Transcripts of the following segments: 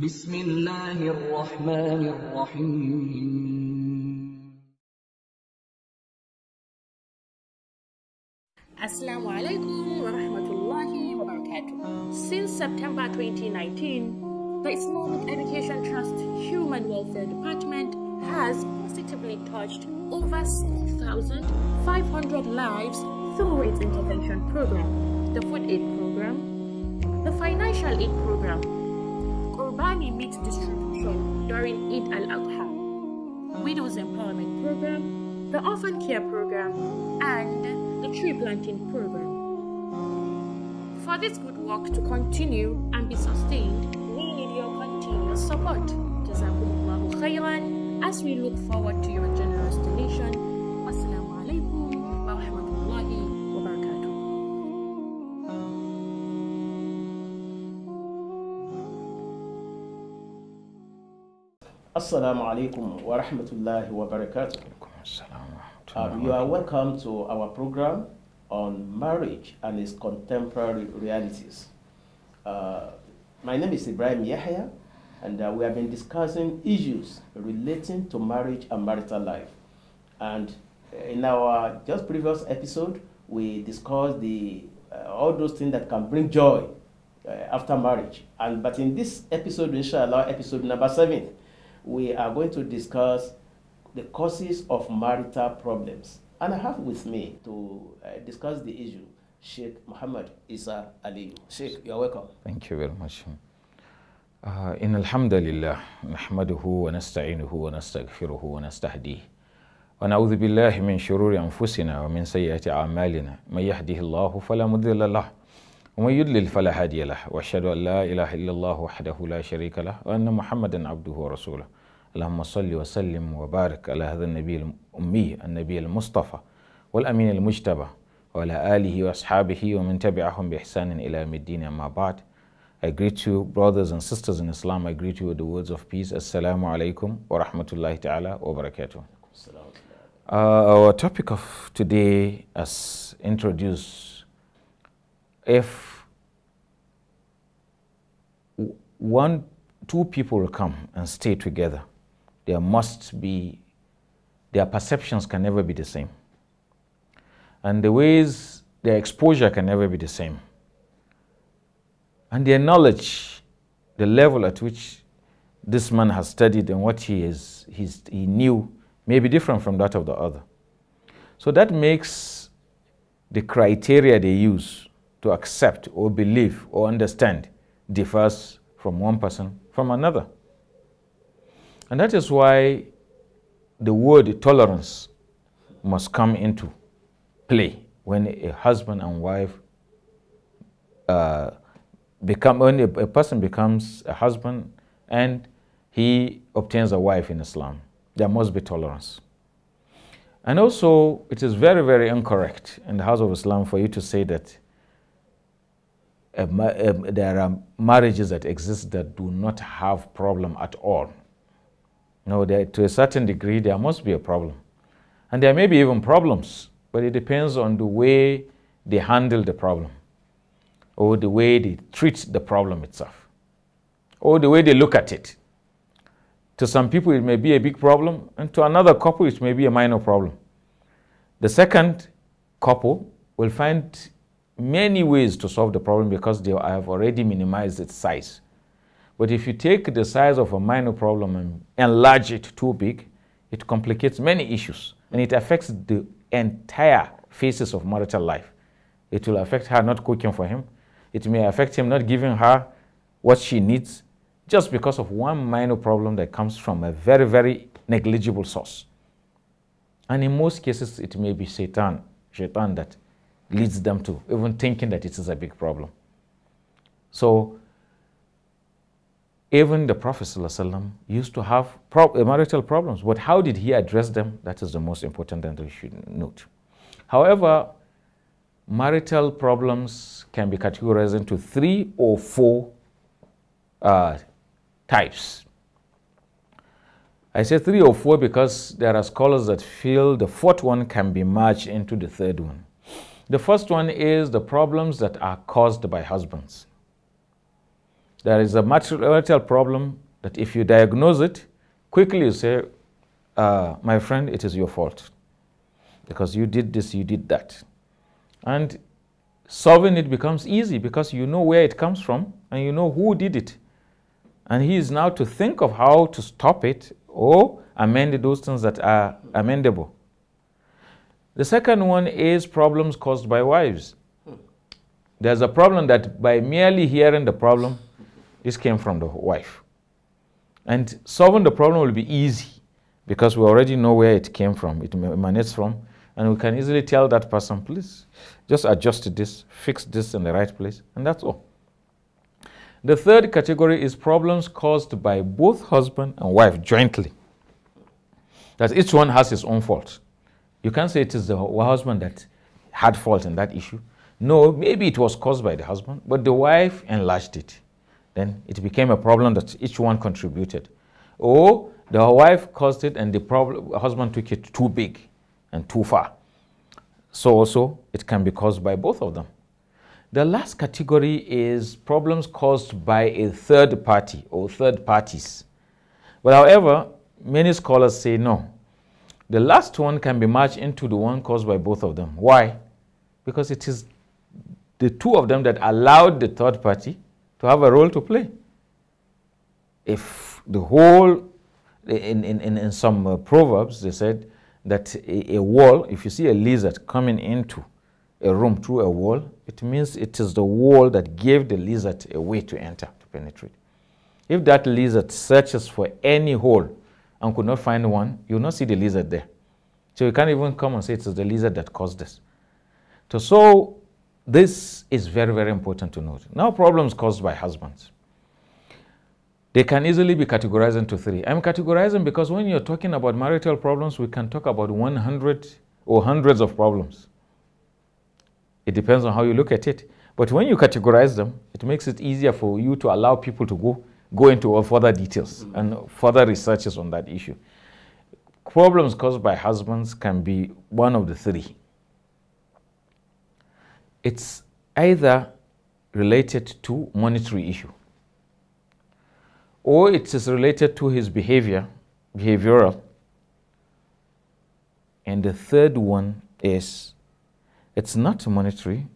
بسم الله الرحمن الرحيم Assalamu alaikum wa rahmatullahi wa barakatuh. Since September 2019, the Islamic Education Trust Human Welfare Department has positively touched over 6,500 lives through its intervention program, the food aid program, the financial aid program, Kobani meat distribution during Eid al-Adha, Widows Empowerment Program, the Orphan Care Program, and the Tree Planting Program. For this good work to continue and be sustained, we need your continued support. Jazakumullahu khairan as we look forward to your generous donation Assalamu alaikum wa rahmatullahi wa barakatuh. Um, you are welcome to our program on marriage and its contemporary realities. Uh, my name is Ibrahim Yahya, and uh, we have been discussing issues relating to marriage and marital life. And uh, in our just previous episode, we discussed the, uh, all those things that can bring joy uh, after marriage. And, but in this episode, inshallah, episode number seven, we are going to discuss the causes of marital problems. And I have with me to uh, discuss the issue Sheikh Muhammad Isa Ali. Sheikh, you're welcome. Thank you very much. Uh, إن الحمد لله نحمده ونستعينه ونستغفره ونستهديه ونعوذ بالله من شرور أنفسنا ومن سيئات أعمالنا من يهده الله فلا مضل له ومن يضلل فلا هادي له واشهد ان لا اله الا الله وحده لا شريك له وان محمدا عبده ورسوله اللهم صل وسلم وبارك على هذا النبي الامي النبي المصطفى والامين المجتبى وعلى اله واصحابه ومن تبعهم باحسان الى يوم الدين اما بعد I greet you brothers and sisters in Islam I greet you with the words of peace assalamu alaikum wa rahmatullahi ta'ala wa barakatuh uh, our topic of today as introduced if one, two people will come and stay together. There must be, their perceptions can never be the same. And the ways, their exposure can never be the same. And their knowledge, the level at which this man has studied and what he, is, he's, he knew may be different from that of the other. So that makes the criteria they use to accept or believe or understand differs from one person from another. And that is why the word tolerance must come into play when a husband and wife uh, become when a, a person becomes a husband and he obtains a wife in Islam. There must be tolerance. And also, it is very, very incorrect in the house of Islam for you to say that there are marriages that exist that do not have problem at all. No, to a certain degree, there must be a problem. And there may be even problems, but it depends on the way they handle the problem, or the way they treat the problem itself, or the way they look at it. To some people, it may be a big problem, and to another couple, it may be a minor problem. The second couple will find many ways to solve the problem because they have already minimized its size. But if you take the size of a minor problem and enlarge it too big, it complicates many issues and it affects the entire phases of marital life. It will affect her not cooking for him. It may affect him not giving her what she needs just because of one minor problem that comes from a very, very negligible source. And in most cases, it may be Satan, Shaitan that leads them to, even thinking that it is a big problem. So, even the Prophet ﷺ used to have uh, marital problems, but how did he address them? That is the most important thing that we should note. However, marital problems can be categorized into three or four uh, types. I say three or four because there are scholars that feel the fourth one can be merged into the third one. The first one is the problems that are caused by husbands. There is a marital problem that if you diagnose it, quickly you say, uh, my friend, it is your fault because you did this, you did that. And solving it becomes easy because you know where it comes from and you know who did it. And he is now to think of how to stop it or amend those things that are amendable. The second one is problems caused by wives. There's a problem that by merely hearing the problem, this came from the wife. And solving the problem will be easy because we already know where it came from, it emanates from. And we can easily tell that person, please just adjust this, fix this in the right place, and that's all. The third category is problems caused by both husband and wife jointly. That each one has his own fault. You can't say it is the husband that had fault in that issue. No, maybe it was caused by the husband, but the wife enlarged it. Then it became a problem that each one contributed. Or the wife caused it and the problem, husband took it too big and too far. So also, it can be caused by both of them. The last category is problems caused by a third party or third parties. But however, many scholars say no, the last one can be merged into the one caused by both of them. Why? Because it is the two of them that allowed the third party to have a role to play. If the whole, in, in, in some uh, proverbs, they said that a, a wall, if you see a lizard coming into a room through a wall, it means it is the wall that gave the lizard a way to enter, to penetrate. If that lizard searches for any hole and could not find one, you'll not see the lizard there. So you can't even come and say it's the lizard that caused this. So, so this is very, very important to note. Now problems caused by husbands. They can easily be categorized into three. I'm categorizing because when you're talking about marital problems, we can talk about 100 or hundreds of problems. It depends on how you look at it. But when you categorize them, it makes it easier for you to allow people to go go into further details mm. and further researches on that issue. Problems caused by husbands can be one of the three. It's either related to monetary issue or it is related to his behavior, behavioral. And the third one is it's not monetary,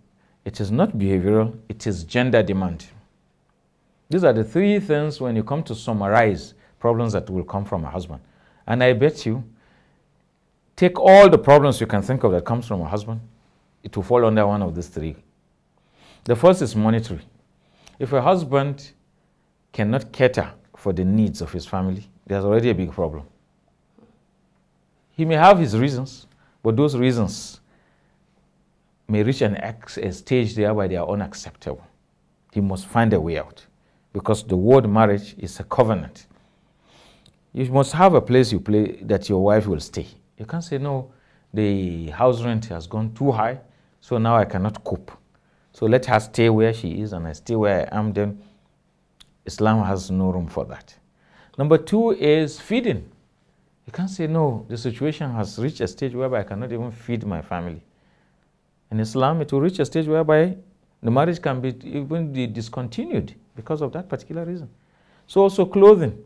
it is not behavioral, it is gender demand. These are the three things when you come to summarize problems that will come from a husband. And I bet you, take all the problems you can think of that comes from a husband, it will fall under one of these three. The first is monetary. If a husband cannot cater for the needs of his family, there's already a big problem. He may have his reasons, but those reasons may reach an ex- a stage there where they are unacceptable. He must find a way out because the word marriage is a covenant. You must have a place you play that your wife will stay. You can't say, no, the house rent has gone too high, so now I cannot cope. So let her stay where she is and I stay where I am, then Islam has no room for that. Number two is feeding. You can't say, no, the situation has reached a stage whereby I cannot even feed my family. In Islam, it will reach a stage whereby the marriage can be even be discontinued because of that particular reason. So also clothing.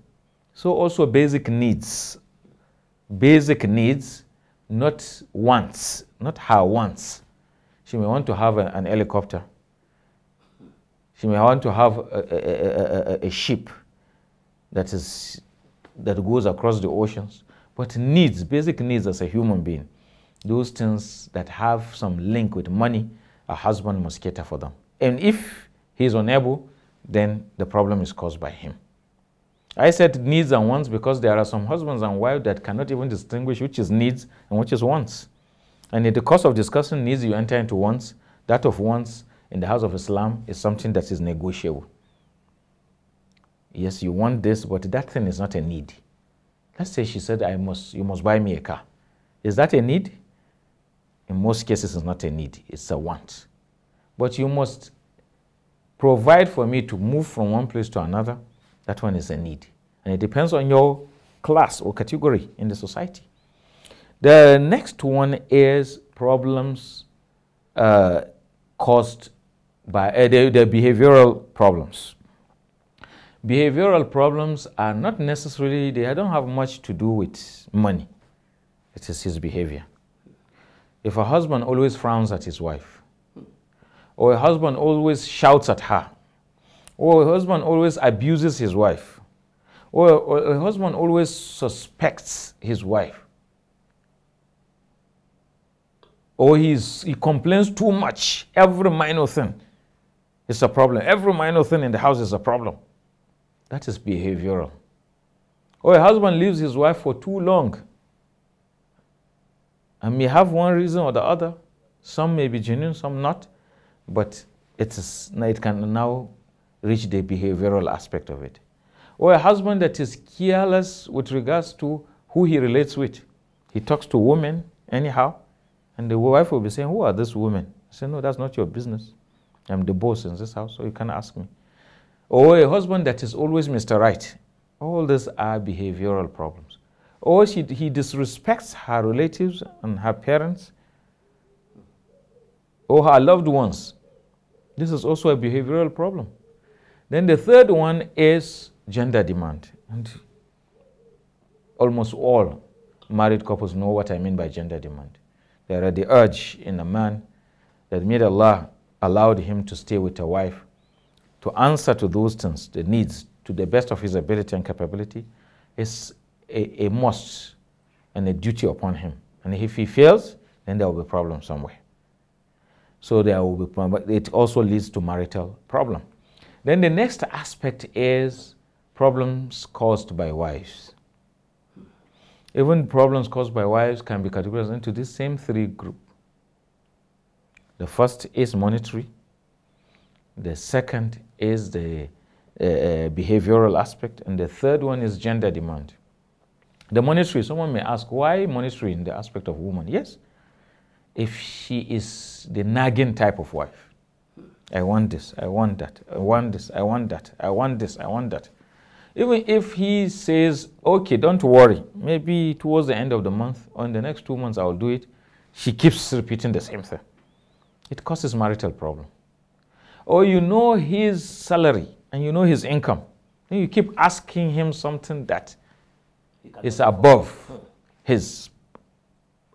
So also basic needs. Basic needs, not wants, not her wants. She may want to have a, an helicopter. She may want to have a, a, a, ship that is that goes across the oceans. But needs, basic needs as a human being, those things that have some link with money, a husband must cater for them. And if he is unable, then the problem is caused by him. I said needs and wants because there are some husbands and wives that cannot even distinguish which is needs and which is wants. And in the course of discussing needs, you enter into wants. That of wants in the house of Islam is something that is negotiable. Yes, you want this, but that thing is not a need. Let's say she said, I must, you must buy me a car. Is that a need? in most cases it's not a need, it's a want. But you must provide for me to move from one place to another. That one is a need. And it depends on your class or category in the society. The next one is problems uh, caused by uh, the, the behavioral problems. Behavioral problems are not necessarily, they don't have much to do with money. It is his behavior. If a husband always frowns at his wife, or a husband always shouts at her, or a husband always abuses his wife, or, a husband always suspects his wife, or he's, he complains too much, every minor thing is a problem. Every minor thing in the house is a problem. That is behavioral. Or a husband leaves his wife for too long and may have one reason or the other. Some may be genuine, some not, but it, is, it can now reach the behavioral aspect of it. Or a husband that is careless with regards to who he relates with. He talks to women anyhow, and the wife will be saying, Who are these women? I say, No, that's not your business. I'm the boss in this house, so you can ask me. Or a husband that is always Mr. Right. All these are behavioral problems or she, he disrespects her relatives and her parents or her loved ones. This is also a behavioral problem. Then the third one is gender demand. And almost all married couples know what I mean by gender demand. There are the urge in a man that made Allah allowed him to stay with a wife to answer to those things, the needs, to the best of his ability and capability, is a, a must and a duty upon him. And if he fails, then there will be problem somewhere. So there will be problem, but it also leads to marital problem. Then the next aspect is problems caused by wives. Even problems caused by wives can be categorized into these same three group. The first is monetary. The second is the uh, uh behavioral aspect, and the third one is gender demand. The monetary, someone may ask, why monetary in the aspect of woman? Yes, if she is the nagging type of wife, I want this, I want that, I want this, I want that, I want this, I want that. Even if he says, okay, don't worry, maybe towards the end of the month, or in the next two months, I'll do it, she keeps repeating the same thing. It causes marital problem. Or you know his salary and you know his income, and you keep asking him something that is above his,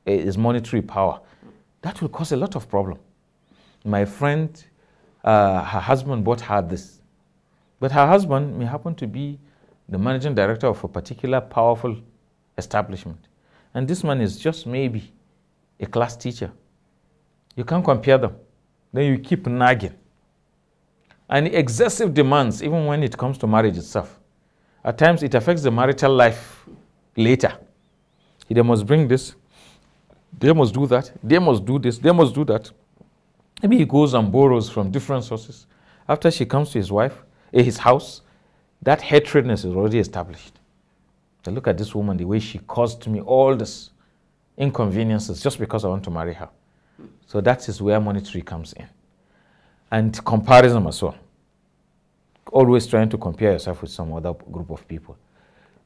his monetary power. That will cause a lot of problem. My friend, uh, her husband bought her this. But her husband may happen to be the managing director of a particular powerful establishment. And this man is just maybe a class teacher. You can't compare them. Then you keep nagging. And excessive demands, even when it comes to marriage itself. At times, it affects the marital life later. They must bring this, they must do that, they must do this, they must do that. Maybe he goes and borrows from different sources. After she comes to his wife, eh, his house, that hatredness is already established. Now look at this woman, the way she caused me all these inconveniences just because I want to marry her. So that is where monetary comes in. And comparison as well. Always trying to compare yourself with some other group of people.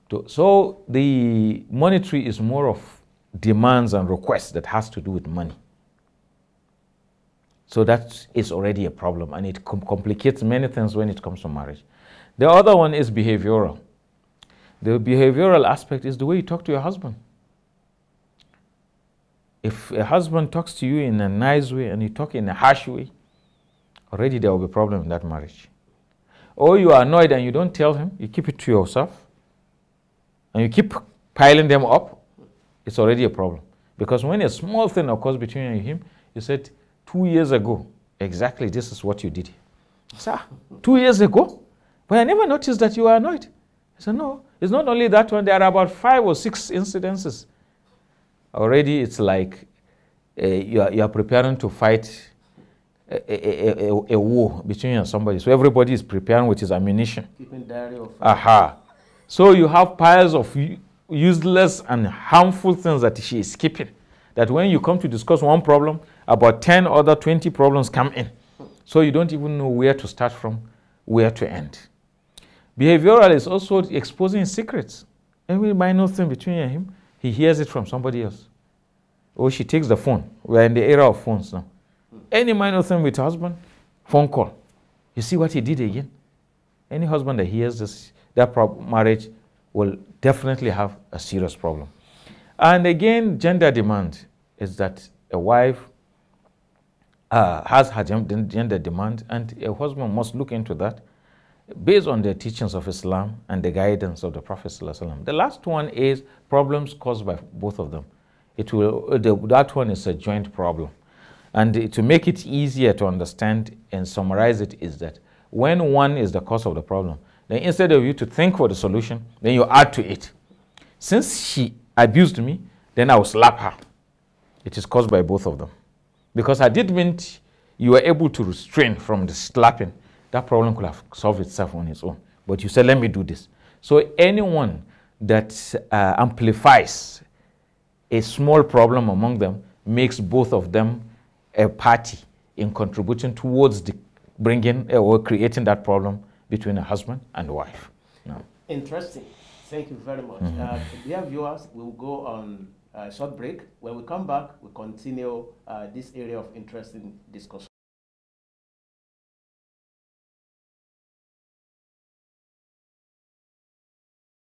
To, so the monetary is more of demands and requests that has to do with money. So that is already a problem and it com complicates many things when it comes to marriage. The other one is behavioral. The behavioral aspect is the way you talk to your husband. If a husband talks to you in a nice way and you talk in a harsh way, already there will be a problem in that marriage. Or you are annoyed and you don't tell him, you keep it to yourself and you keep piling them up, it's already a problem. Because when a small thing occurs between you and him, you said, two years ago, exactly this is what you did. Sir, ah, two years ago? But I never noticed that you were annoyed. I said, no, it's not only that one. There are about five or six incidences. Already it's like uh, you, are, you are preparing to fight a, a, a, a, war between you and somebody. So everybody is preparing with his ammunition. Keeping diary of. Aha. So you have piles of useless and harmful things that she is keeping. That when you come to discuss one problem, about 10 other 20 problems come in. So you don't even know where to start from, where to end. Behavioral is also exposing secrets. Every minor thing between him, he hears it from somebody else. Or she takes the phone. We're in the era of phones now. Any minor thing with husband, phone call. You see what he did again? Any husband that hears this, that marriage will definitely have a serious problem. And again, gender demand is that a wife uh, has her gender demand, and a husband must look into that based on the teachings of Islam and the guidance of the Prophet. The last one is problems caused by both of them. It will, uh, the, that one is a joint problem. And to make it easier to understand and summarize it is that when one is the cause of the problem, then instead of you to think for the solution, then you add to it. Since she abused me, then I will slap her. It is caused by both of them. Because I did mean you were able to restrain from the slapping, that problem could have solved itself on its own. But you said, let me do this. So anyone that uh, amplifies a small problem among them makes both of them a party in contributing towards the bringing uh, or creating that problem between a husband and wife. No. Interesting. Thank you very much. Mm -hmm. uh, dear viewers, we'll go on a short break. When we come back, we continue uh, this area of interesting discussion.